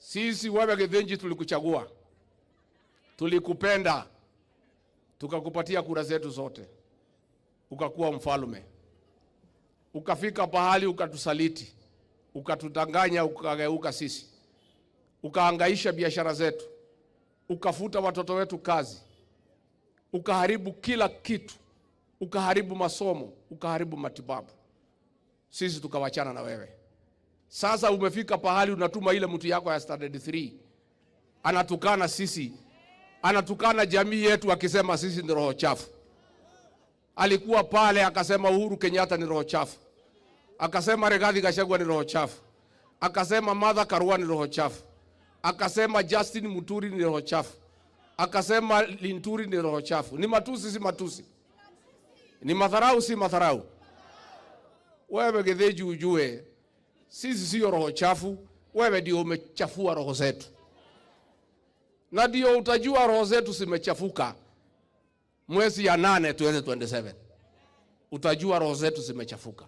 Sisi wana Githinji tulikuchagua, tulikupenda, tukakupatia kura zetu zote, ukakuwa mfalme, ukafika pahali ukatusaliti, ukatudanganya, ukageuka sisi, ukaangaisha biashara zetu, ukafuta watoto wetu kazi, ukaharibu kila kitu, ukaharibu masomo, ukaharibu matibabu. Sisi tukawachana na wewe. Sasa umefika pahali unatuma ile mtu yako ya standard 3 anatukana sisi, anatukana jamii yetu akisema sisi ni roho chafu. Alikuwa pale akasema Uhuru Kenyatta ni roho chafu, akasema Rigathi Gachagua ni roho chafu, akasema Martha Karua ni roho chafu, akasema Justin Muturi ni roho chafu, akasema Linturi ni roho chafu. Ni matusi si matusi? Ni madharau si madharau? Wewe Githinji ujue sisi sio roho chafu, wewe ndio umechafua roho zetu, na ndio utajua roho zetu zimechafuka mwezi ya nane tuweze 27 utajua roho zetu zimechafuka.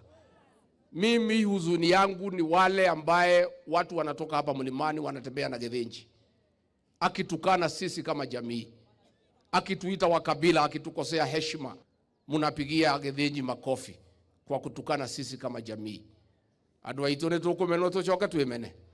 Mimi huzuni yangu ni wale ambaye watu wanatoka hapa mlimani wanatembea na gedhenji, akitukana sisi kama jamii, akituita wakabila, akitukosea heshima, munapigia gedhenji makofi kwa kutukana sisi kama jamii andå aitå nä tå kå mena tå coka twä mene